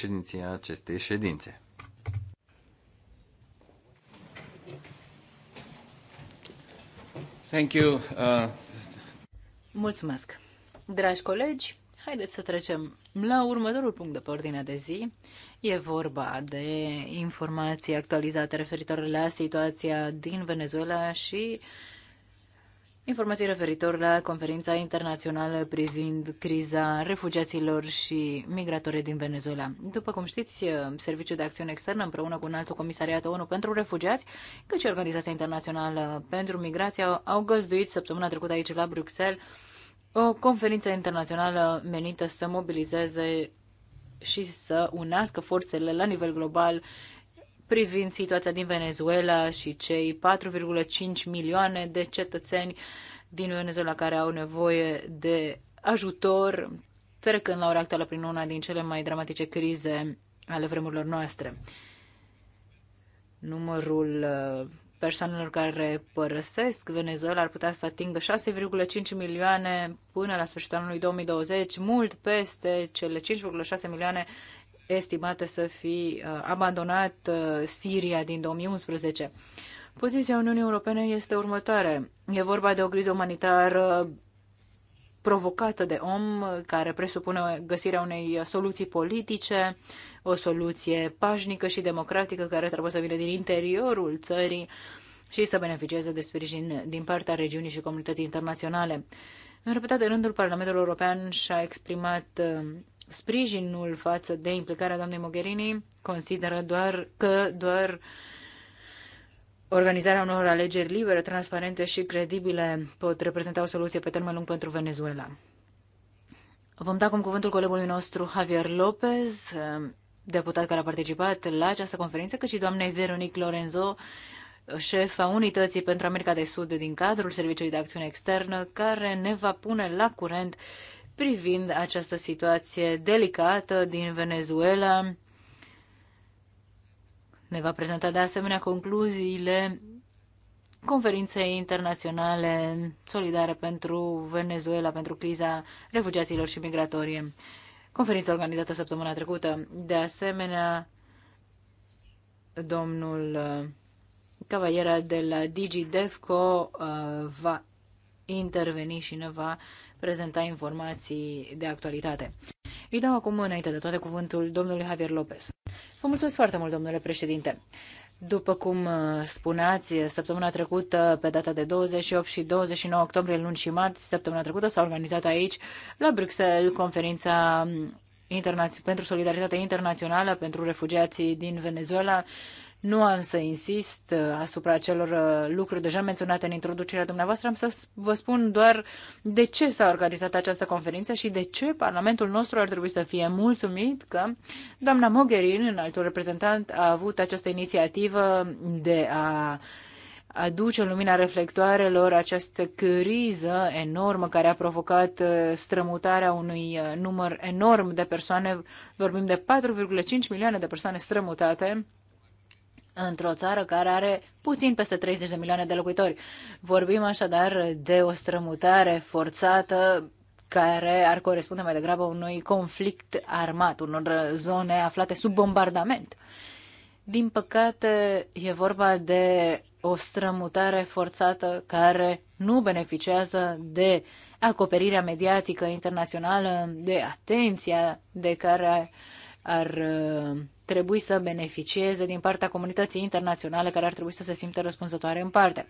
președinția acestei ședințe. Thank you. Uh... Mulțumesc. Dragi colegi, haideți să trecem la următorul punct de pe ordinea de zi. E vorba de informații actualizate referitoare la situația din Venezuela și uh, informații referitor la conferința internațională privind criza refugiaților și migratorii din Venezuela. După cum știți, Serviciul de Acțiune Externă împreună cu un altul comisariat ONU pentru refugiați, cât și Organizația Internațională pentru Migrație au găzduit săptămâna trecută aici la Bruxelles o conferință internațională menită să mobilizeze și să unească forțele la nivel global privind situația din Venezuela și cei 4,5 milioane de cetățeni din Venezuela care au nevoie de ajutor, trecând la ora actuală prin una din cele mai dramatice crize ale vremurilor noastre. Numărul uh, persoanelor care părăsesc Venezuela ar putea să atingă 6,5 milioane până la sfârșitul anului 2020, mult peste cele 5,6 milioane estimată să fi uh, abandonat uh, Siria din 2011. Poziția Uniunii Europene este următoare. E vorba de o criză umanitară provocată de om, care presupune găsirea unei soluții politice, o soluție pașnică și democratică care trebuie să vină din interiorul țării și să beneficieze de sprijin din partea regiunii și comunității internaționale. În repetate rândul, Parlamentul European și-a exprimat uh, sprijinul față de implicarea doamnei Mogherini consideră doar că doar organizarea unor alegeri libere, transparente și credibile pot reprezenta o soluție pe termen lung pentru Venezuela. Vom da acum cuvântul colegului nostru Javier Lopez, deputat care a participat la această conferință, cât și doamnei Veronic Lorenzo, șefa Unității pentru America de Sud din cadrul Serviciului de Acțiune Externă, care ne va pune la curent privind această situație delicată din Venezuela. Ne va prezenta de asemenea concluziile conferinței internaționale solidare pentru Venezuela, pentru criza refugiaților și migratorie. Conferința organizată săptămâna trecută. De asemenea, domnul uh, Cavaliera de la DigiDevco uh, va interveni și ne va prezenta informații de actualitate. Îi dau acum înainte de toate cuvântul domnului Javier Lopez. Vă mulțumesc foarte mult, domnule președinte. După cum uh, spuneați, săptămâna trecută, pe data de 28 și 29 octombrie, luni și marți, săptămâna trecută s-a organizat aici, la Bruxelles, conferința um, pentru solidaritate internațională pentru refugiații din Venezuela, nu am să insist uh, asupra celor uh, lucruri deja menționate în introducerea dumneavoastră, am să vă spun doar de ce s-a organizat această conferință și de ce Parlamentul nostru ar trebui să fie mulțumit că doamna Mogherin, în altul reprezentant, a avut această inițiativă de a aduce în lumina reflectoarelor această criză enormă care a provocat uh, strămutarea unui număr enorm de persoane. Vorbim de 4,5 milioane de persoane strămutate într-o țară care are puțin peste 30 de milioane de locuitori. Vorbim așadar de o strămutare forțată care ar corespunde mai degrabă unui conflict armat, unor zone aflate sub bombardament. Din păcate, e vorba de o strămutare forțată care nu beneficiază de acoperirea mediatică internațională, de atenția de care uh, ar uh, trebui să beneficieze din partea comunității internaționale care ar trebui să se simtă răspunzătoare în parte.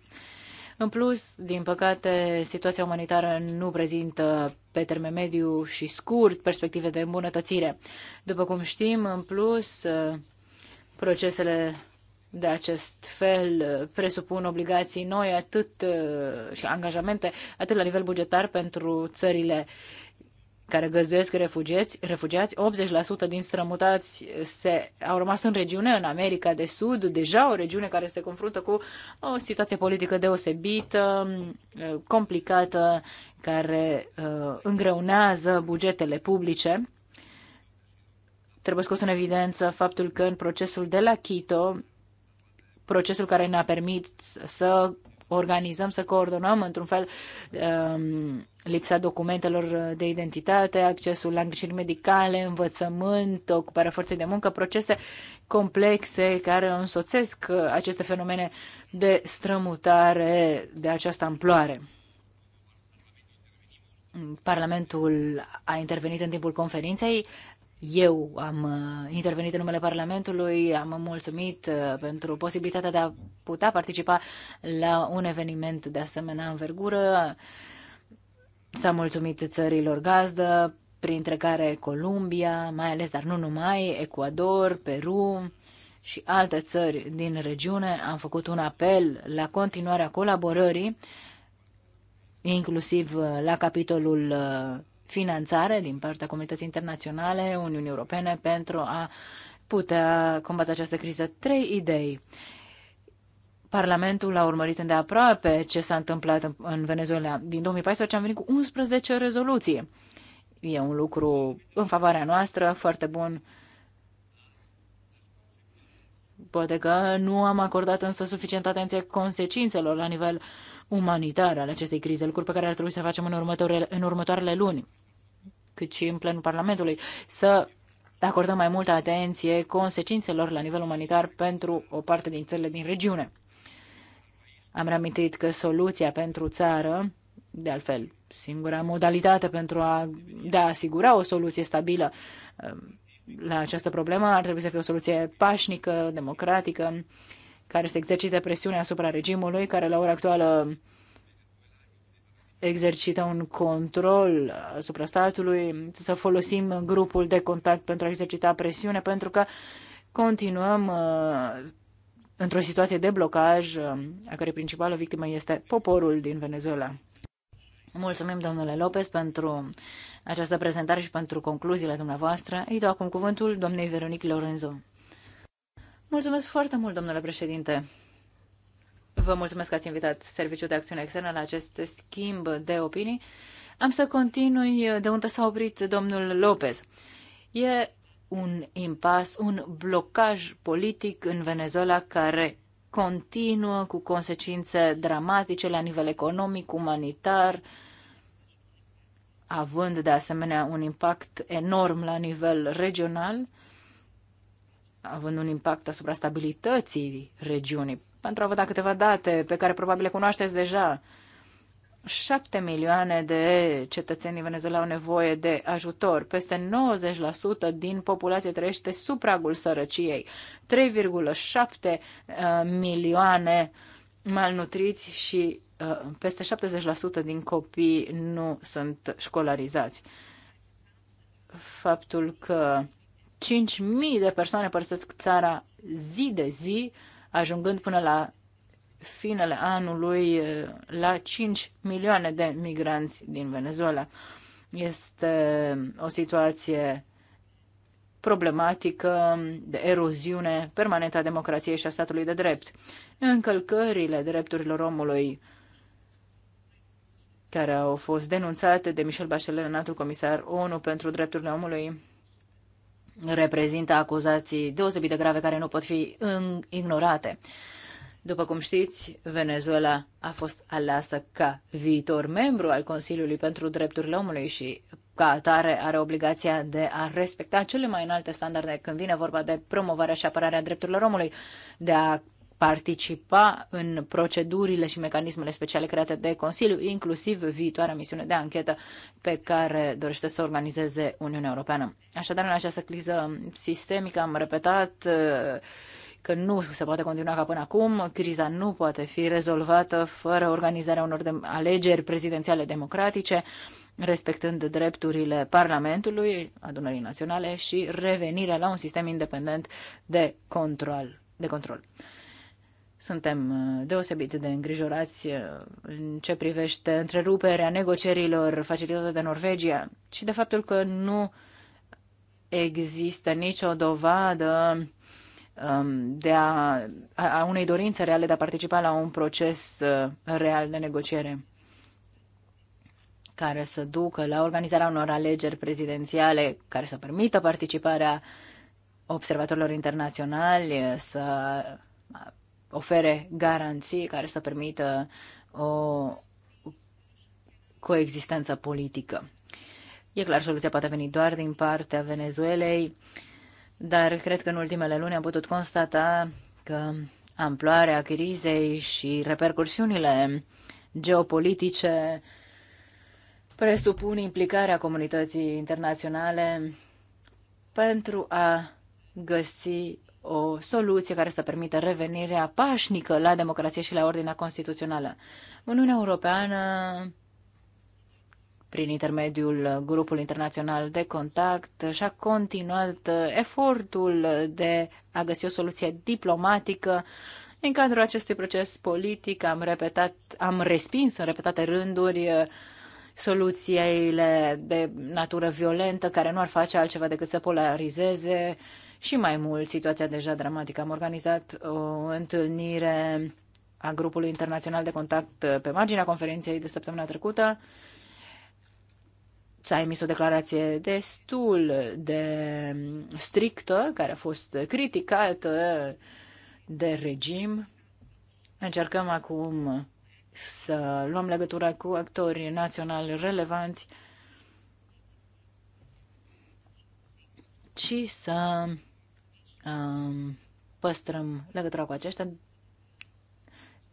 În plus, din păcate, situația umanitară nu prezintă pe termen mediu și scurt perspective de îmbunătățire. După cum știm, în plus, uh, procesele de acest fel uh, presupun obligații noi atât și angajamente atât la nivel bugetar pentru țările care găzduiesc refugiați, refugiați 80% din strămutați se, au rămas în regiune, în America de Sud, deja o regiune care se confruntă cu o situație politică deosebită, complicată, care uh, îngreunează bugetele publice. Trebuie scos în evidență faptul că în procesul de la Quito procesul care ne-a permis să organizăm, să coordonăm într-un fel um, lipsa documentelor de identitate, accesul la îngrijiri medicale, învățământ, ocuparea forței de muncă, procese complexe care însoțesc aceste fenomene de strămutare de această amploare. Parlamentul a intervenit în timpul conferinței, eu am uh, intervenit în numele Parlamentului, am mulțumit uh, pentru posibilitatea de a putea participa la un eveniment de asemenea învergură. S-a mulțumit țărilor gazdă, printre care Columbia, mai ales, dar nu numai, Ecuador, Peru și alte țări din regiune. Am făcut un apel la continuarea colaborării, inclusiv uh, la capitolul finanțare din partea comunității internaționale, Uniunii Europene, pentru a putea combate această criză. Trei idei. Parlamentul a urmărit îndeaproape ce s-a întâmplat în, Venezuela. Din 2014 am venit cu 11 rezoluții. E un lucru în favoarea noastră, foarte bun. Poate că nu am acordat însă suficientă atenție consecințelor la nivel uh, umanitar al acestei crize, lucruri pe care ar trebui să facem în următoarele, în următoarele luni, cât și în plenul Parlamentului, să acordăm mai multă atenție consecințelor la nivel umanitar pentru o parte din țările din regiune. Am reamintit că soluția pentru țară, de altfel, singura modalitate pentru a, de a asigura o soluție stabilă um, la această problemă ar trebui să fie o soluție pașnică, democratică, care să exercite presiune asupra regimului, care la ora actuală exercită un control asupra statului, să folosim grupul de contact pentru a exercita presiune, pentru că continuăm uh, într-o situație de blocaj, uh, a cărei principală victimă este poporul din Venezuela. Mulțumim, domnule Lopez, pentru această prezentare și pentru concluziile dumneavoastră. Îi dau acum cuvântul doamnei Veronique Lorenzo. Mulțumesc foarte mult, domnule președinte. Vă mulțumesc că ați invitat Serviciul de Acțiune Externă la acest schimb de opinii. Am să continui de unde s-a oprit domnul Lopez. E un impas, un blocaj politic în Venezuela care continuă cu consecințe dramatice la nivel economic, umanitar, având de asemenea un impact enorm la nivel regional având un impact asupra stabilității regiunii. Pentru a vă da câteva date pe care probabil le cunoașteți deja, șapte milioane de cetățeni din Venezuela au nevoie de ajutor. Peste 90% din populație trăiește sub pragul sărăciei. 3,7 uh, milioane malnutriți și uh, peste 70% din copii nu sunt școlarizați. Faptul că 5.000 de persoane părăsesc țara zi de zi, ajungând până la finele anului eh, la 5 milioane de migranți din Venezuela. Este o situație problematică de eroziune permanentă a democrației și a statului de drept. Încălcările drepturilor omului care au fost denunțate de Michel Bachelet, înaltul comisar ONU pentru drepturile omului, reprezintă acuzații deosebit de grave care nu pot fi ignorate. După cum știți, Venezuela a fost aleasă ca viitor membru al Consiliului pentru Drepturile Omului și ca atare are obligația de a respecta cele mai înalte standarde când vine vorba de promovarea și apărarea drepturilor omului, de a participa în procedurile și mecanismele speciale create de Consiliu, inclusiv viitoarea misiune de anchetă pe care dorește să organizeze Uniunea Europeană. Așadar, în această criză sistemică am repetat uh, că nu se poate continua ca până acum, criza nu poate fi rezolvată fără organizarea unor alegeri prezidențiale democratice, respectând drepturile Parlamentului, Adunării Naționale și revenirea la un sistem independent de control. De control. Suntem uh, deosebit de îngrijorați uh, în ce privește întreruperea negocierilor facilitată de Norvegia și de faptul că nu există nicio dovadă um, de a, a unei dorințe reale de a participa la un proces uh, real de negociere care să ducă la organizarea unor alegeri prezidențiale care să permită participarea observatorilor internaționali, să ofere garanții care să permită o coexistență politică. E clar, soluția poate veni doar din partea Venezuelei, dar cred că în ultimele luni am putut constata că amploarea crizei și repercursiunile geopolitice presupun implicarea comunității internaționale pentru a găsi o soluție care să permită revenirea pașnică la democrație și la ordinea constituțională. Uniunea Europeană, prin intermediul grupului internațional de contact, și-a continuat efortul de a găsi o soluție diplomatică în cadrul acestui proces politic am, repetat, am respins în repetate rânduri soluțiile de natură violentă care nu ar face altceva decât să polarizeze și mai mult situația deja dramatică. Am organizat uh, o întâlnire a grupului internațional de contact uh, pe marginea conferinței de săptămâna trecută. S-a emis o declarație destul de strictă, care a fost criticată de regim. Încercăm acum să luăm legătura cu actorii naționali relevanți și să um, păstrăm legătura cu aceștia.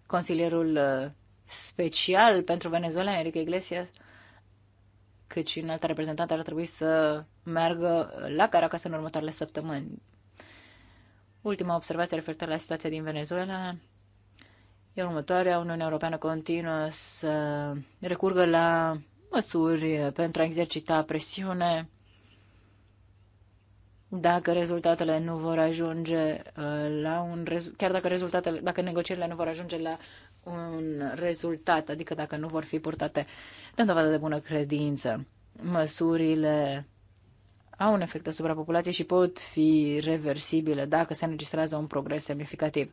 Consilierul uh, special pentru Venezuela, Enrique Iglesias, cât și un alt reprezentant ar trebui să meargă la Caracas în următoarele săptămâni. Ultima observație referitoare la situația din Venezuela e următoarea. Uniunea Europeană continuă să recurgă la măsuri pentru a exercita presiune dacă rezultatele nu vor ajunge uh, la un chiar dacă rezultatele, dacă negocierile nu vor ajunge la un rezultat, adică dacă nu vor fi purtate de dovadă de bună credință, măsurile au un efect asupra populației și pot fi reversibile dacă se înregistrează un progres semnificativ.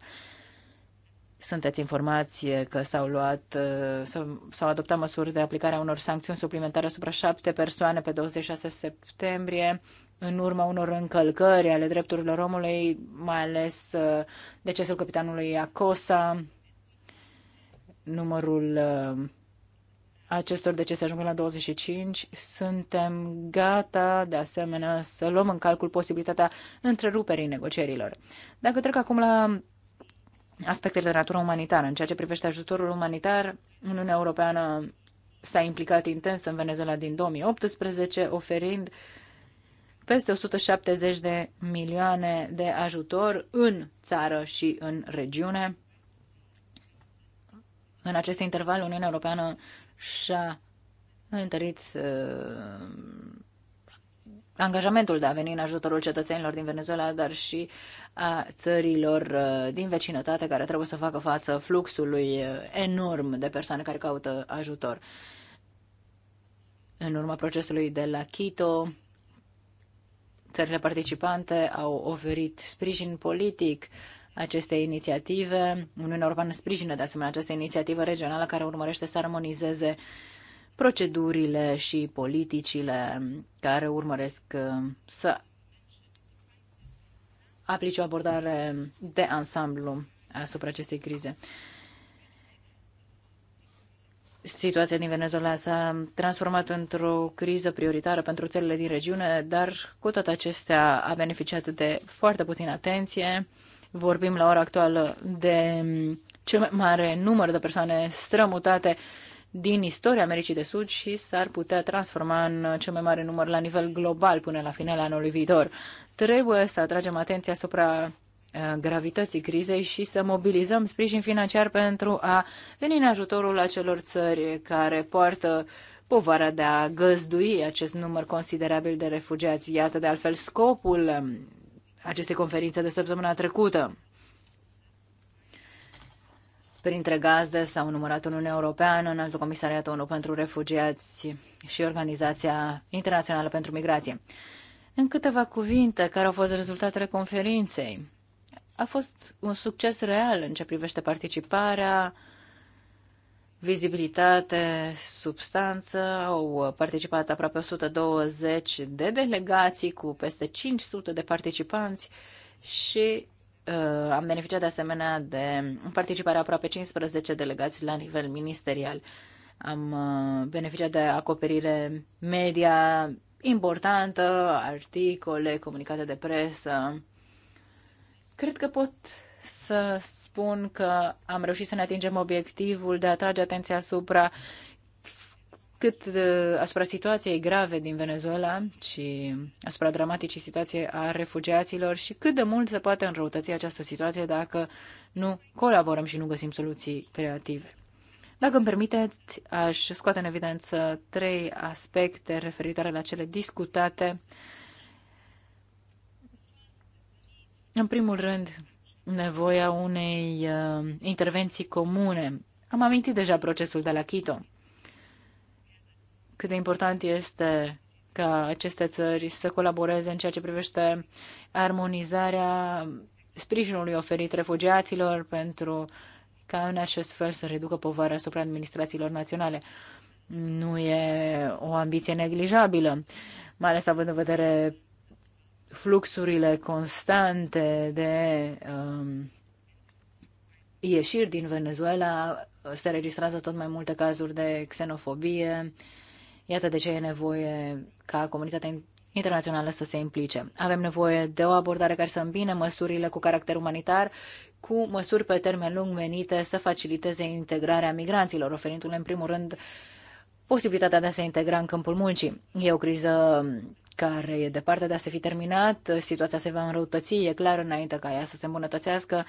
Sunteți informați că s-au luat, uh, s-au adoptat măsuri de aplicare a unor sancțiuni suplimentare asupra șapte persoane pe 26 septembrie în urma unor încălcări ale drepturilor omului, mai ales uh, decesul capitanului Acosa, numărul uh, acestor decese ajungând la 25, suntem gata, de asemenea, să luăm în calcul posibilitatea întreruperii negocierilor. Dacă trec acum la aspectele de natură umanitară, în ceea ce privește ajutorul umanitar, Uniunea Europeană s-a implicat intens în Venezuela din 2018, oferind uh, peste 170 de milioane de ajutor în țară și în regiune. În acest interval, Uniunea Europeană și-a întărit uh, angajamentul de a veni în ajutorul cetățenilor din Venezuela, dar și a țărilor uh, din vecinătate care trebuie să facă față fluxului uh, enorm de persoane care caută ajutor. În urma procesului de la Quito, Țările participante au oferit sprijin politic acestei inițiative. Uniunea Europeană sprijină de asemenea această inițiativă regională care urmărește să armonizeze procedurile și politicile care urmăresc uh, să aplice o abordare de ansamblu asupra acestei crize. Situația din Venezuela s-a transformat într-o criză prioritară pentru țările din regiune, dar cu toate acestea a beneficiat de foarte puțină atenție. Vorbim la ora actuală de cel mai mare număr de persoane strămutate din istoria Americii de Sud și s-ar putea transforma în cel mai mare număr la nivel global până la finele anului viitor. Trebuie să atragem atenția asupra Uh, gravității crizei și să mobilizăm sprijin financiar pentru a veni în ajutorul acelor țări care poartă povara de a găzdui acest număr considerabil de refugiați. Iată de altfel scopul um, acestei conferințe de săptămâna trecută. Printre gazde s-au numărat Uniunea Europeană, altul Comisariat ONU pentru Refugiați și Organizația Internațională pentru Migrație. În câteva cuvinte, care au fost rezultatele conferinței? a fost un succes real în ce privește participarea, vizibilitate, substanță. Au participat aproape 120 de delegații cu peste 500 de participanți și uh, am beneficiat de asemenea de participarea aproape 15 delegați la nivel ministerial. Am uh, beneficiat de acoperire media importantă, articole, comunicate de presă Cred că pot să spun că am reușit să ne atingem obiectivul de a atrage atenția asupra cât uh, asupra situației grave din Venezuela și asupra dramaticii situației a refugiaților și cât de mult se poate înrăutăți această situație dacă nu colaborăm și nu găsim soluții creative. Dacă îmi permiteți, aș scoate în evidență trei aspecte referitoare la cele discutate uh, În primul rând, nevoia unei uh, intervenții comune. Am amintit deja procesul de la Quito. Cât de important este ca aceste țări să colaboreze în ceea ce privește armonizarea sprijinului oferit refugiaților pentru ca în acest fel să reducă povara asupra administrațiilor naționale. Nu e o ambiție neglijabilă, mai ales având în vedere fluxurile constante de um, ieșiri din Venezuela, se registrează tot mai multe cazuri de xenofobie. Iată de ce e nevoie ca comunitatea internațională să se implice. Avem nevoie de o abordare care să îmbine măsurile cu caracter umanitar cu măsuri pe termen lung venite să faciliteze integrarea migranților, oferindu-le în primul rând posibilitatea de a se integra în câmpul muncii. E o criză care e departe de a se fi terminat, situația se va înrăutăți, e clar înainte ca ea să se îmbunătățească.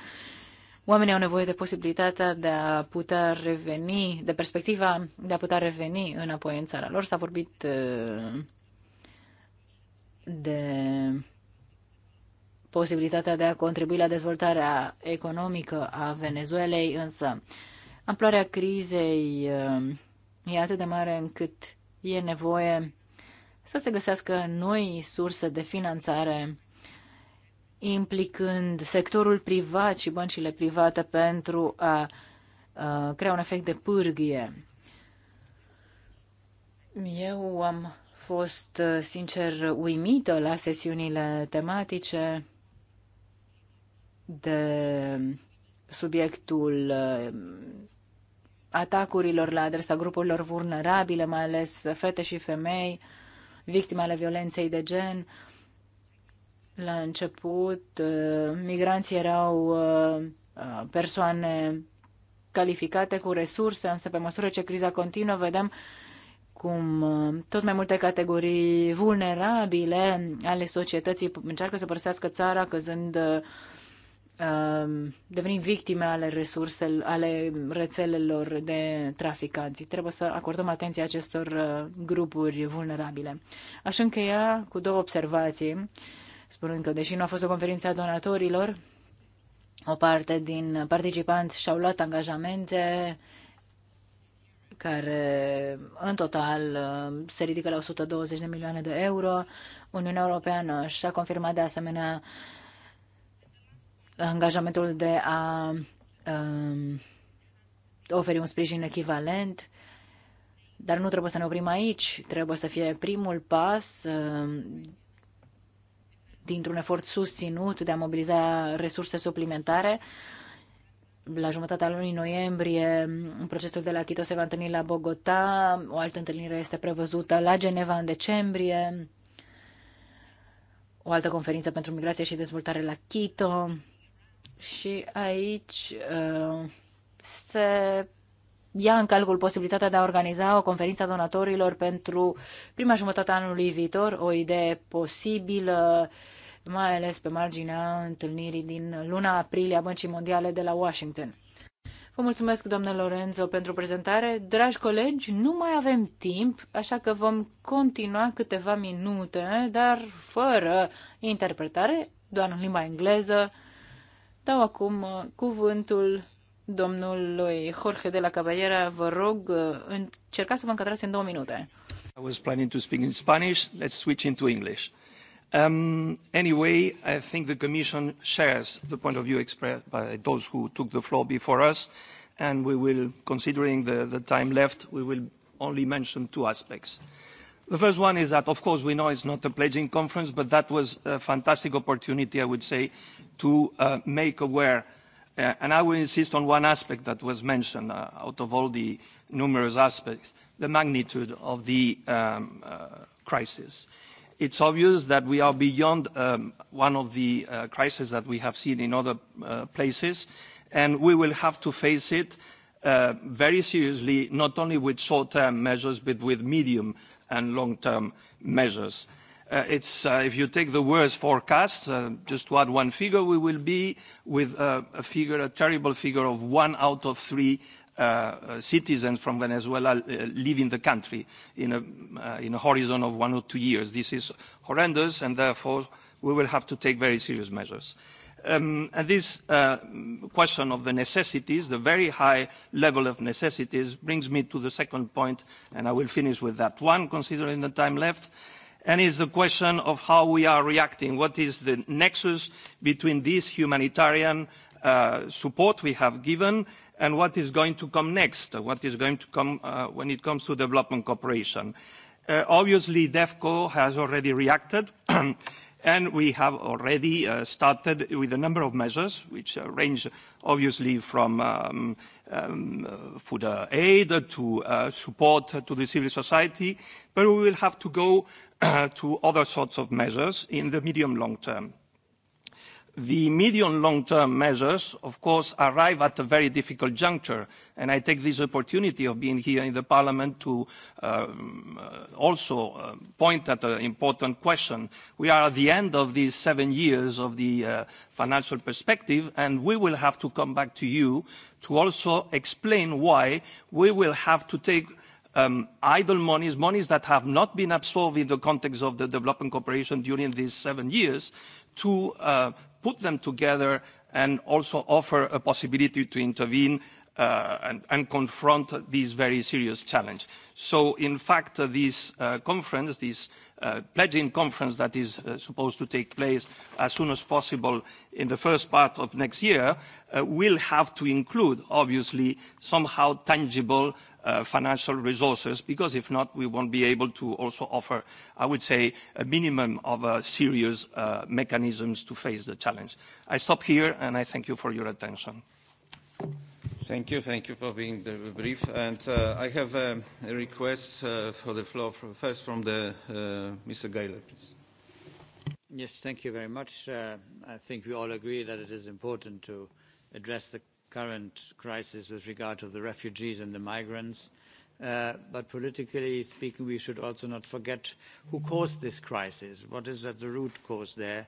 Oamenii au nevoie de posibilitatea de a putea reveni, de perspectiva de a putea reveni înapoi în țara lor. S-a vorbit uh, de posibilitatea de a contribui la dezvoltarea economică a Venezuelei, însă amploarea crizei uh, e atât de mare încât e nevoie să se găsească noi surse de finanțare implicând sectorul privat și băncile private pentru a, a crea un efect de pârghie. Eu am fost sincer uimită la sesiunile tematice de subiectul atacurilor la adresa grupurilor vulnerabile, mai ales fete și femei, victime ale violenței de gen. La început, uh, migranții erau uh, uh, persoane calificate cu resurse, însă pe măsură ce criza continuă, vedem cum tot mai multe categorii vulnerabile ale societății încearcă să părăsească țara căzând Um, devenim victime ale resurselor, ale rețelelor de traficanți. Trebuie să acordăm atenție acestor uh, grupuri vulnerabile. Aș încheia cu două observații, spunând că, deși nu a fost o conferință a donatorilor, o parte din participanți și-au luat angajamente care în total uh, se ridică la 120 de milioane de euro. Uniunea Europeană și-a confirmat de asemenea uh, angajamentul de a um, oferi un sprijin echivalent, dar nu trebuie să ne oprim aici, trebuie să fie primul pas um, dintr-un efort susținut de a mobiliza resurse suplimentare. La jumătatea lunii noiembrie, procesul de la Tito se va întâlni la Bogota, o altă întâlnire este prevăzută la Geneva în decembrie, o altă conferință pentru migrație și dezvoltare la Quito. Și aici uh, se ia în calcul posibilitatea de a organiza o conferință a donatorilor pentru prima jumătate a anului viitor, o idee posibilă, mai ales pe marginea întâlnirii din luna aprilie a Băncii Mondiale de la Washington. Vă mulțumesc, doamnă Lorenzo, pentru prezentare. Dragi colegi, nu mai avem timp, așa că vom continua câteva minute, dar fără interpretare, doar în limba engleză. Dau acum uh, cuvântul domnului Jorge de la Caballera. Vă rog, uh, încercați să vă încadrați în două minute. I was planning to speak in Spanish. Let's switch into English. Um, anyway, I think the Commission shares the point of view expressed by those who took the floor before us, and we will, considering the, the time left, we will only mention two aspects. The first one is that, of course, we know it's not a pledging conference, but that was a fantastic opportunity, I would say, to uh, make aware. Uh, and I will insist on one aspect that was mentioned uh, out of all the numerous aspects, the magnitude of the um, uh, crisis. It's obvious that we are beyond um, one of the uh, crises that we have seen in other uh, places, and we will have to face it very seriously, not only with short-term measures, but with medium-term and long-term measures. Uh, it's, uh, if you take the worst forecast, uh, just to add one figure, we will be with uh, a figure, a terrible figure of one out of three uh, uh, citizens from Venezuela leaving the country in a, in a horizon of one or two years. This is horrendous, and therefore, we will have to take very serious measures. Um, and this uh, question of the necessities, the very high level of necessities, brings me to the second point, and I will finish with that one, considering the time left, and is the question of how we are reacting. What is the nexus between this humanitarian uh, support we have given and what is going to come next, what is going to come uh, when it comes to development cooperation? Uh, obviously, DEFCO has already reacted. And we have already uh, started with a number of measures, which uh, range obviously from um, um, uh, food aid to uh, support to the civil society, but we will have to go uh, to other sorts of measures in the medium long term the medium long-term measures, of course, arrive at a very difficult juncture. And I take this opportunity of being here in the Parliament to um, uh, also uh, point at an important question. We are at the end of these seven years of the uh, financial perspective, and we will have to come back to you to also explain why we will have to take um, idle monies, monies that have not been absorbed in the context of the development cooperation during these seven years, to put them together and also offer a possibility to intervene uh, and, and confront this very serious challenge. So in fact, uh, this uh, conference, this Uh, pledging conference that is uh, supposed to take place as soon as possible in the first part of next year uh, will have to include, obviously, somehow tangible Uh, financial resources, because if not, we won't be able to also offer, I would say, a minimum of uh, serious uh, mechanisms to face the challenge. I stop here, and I thank you for your attention. Thank you. Thank you for being brief. And uh, I have um, a request uh, for the floor from, first from the, uh, Mr. Gaillard, please. Yes, thank you very much. Uh, I think we all agree that it is important to address the current crisis with regard to the refugees and the migrants. Uh, but politically speaking, we should also not forget who caused this crisis. What is at the root cause there?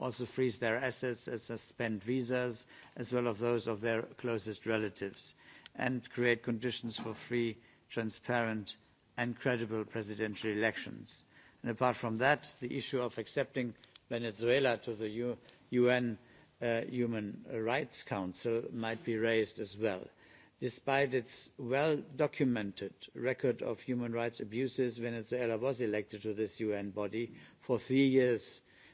also freeze their assets and suspend visas, as well as those of their closest relatives, and create conditions for free, transparent, and credible presidential elections. And apart from that, the issue of accepting Venezuela to the U UN uh, Human Rights Council might be raised as well. Despite its well-documented record of human rights abuses, Venezuela was elected to this UN body for three years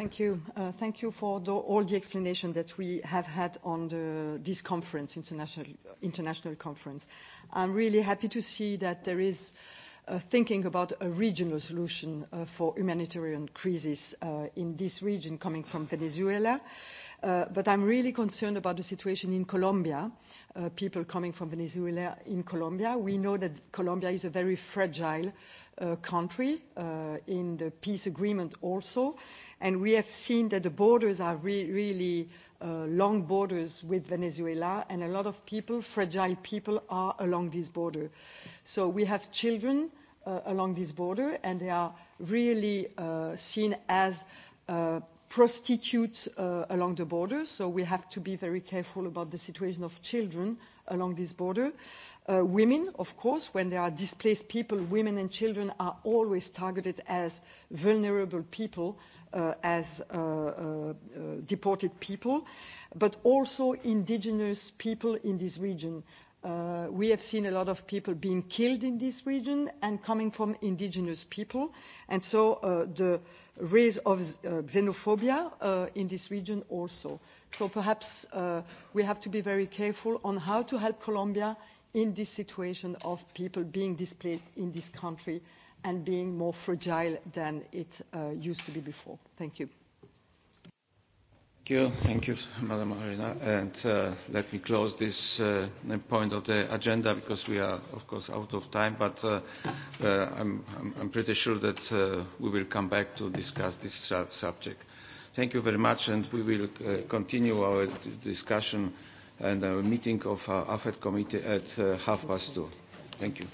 Thank you. Uh, thank you for all the explanation that we have had on this conference, international, conference. I'm really happy to see that there is uh, thinking about a regional solution uh, for humanitarian crisis in this region coming from Venezuela. but I'm really concerned about the situation in Colombia, people coming from Venezuela in Colombia. We know that Colombia is a very fragile uh, country uh, in the peace agreement also. And we have seen that the borders are re really uh, long borders with Venezuela, and a lot of people, fragile people, are along this border. So we have children uh, along this border, and they are really uh, seen as uh, prostitutes uh, along the border. So we have to be very careful about the situation of children along this border. Uh, women, of course, when there are displaced people, women and children are always targeted as vulnerable people, uh, as uh, uh, uh deported people, but also indigenous people in this region. we have seen a lot of people being killed in this region and coming from indigenous people. And so the rise of xenophobia in this region also. So perhaps we have to be very careful on how to help Colombia in this situation of people being displaced in this country and being more fragile than it uh, used to be before. Thank you. Thank you, Thank you Madam Arena. And uh, let me close this uh, point of the agenda because we are, of course, out of time. But uh, uh, I'm, I'm, I'm pretty sure that uh, we will come back to discuss this su subject. Thank you very much, and we will uh, continue our discussion and a meeting of our uh, AFET committee at uh, half past two. Thank you.